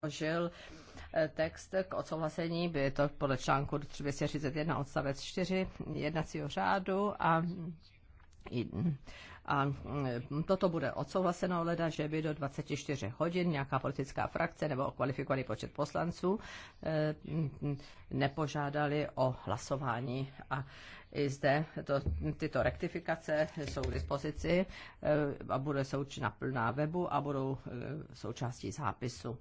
předložil eh, text k odsouhlasení, by to podle článku 231 odstavec 4 jednacího řádu a a mm, toto bude odsouhlaseno leda, že by do 24 hodin nějaká politická frakce nebo kvalifikovaný počet poslanců eh, mm, nepožádali o hlasování. A i zde to, tyto rektifikace jsou k dispozici eh, a bude součina plná webu a budou součástí zápisu.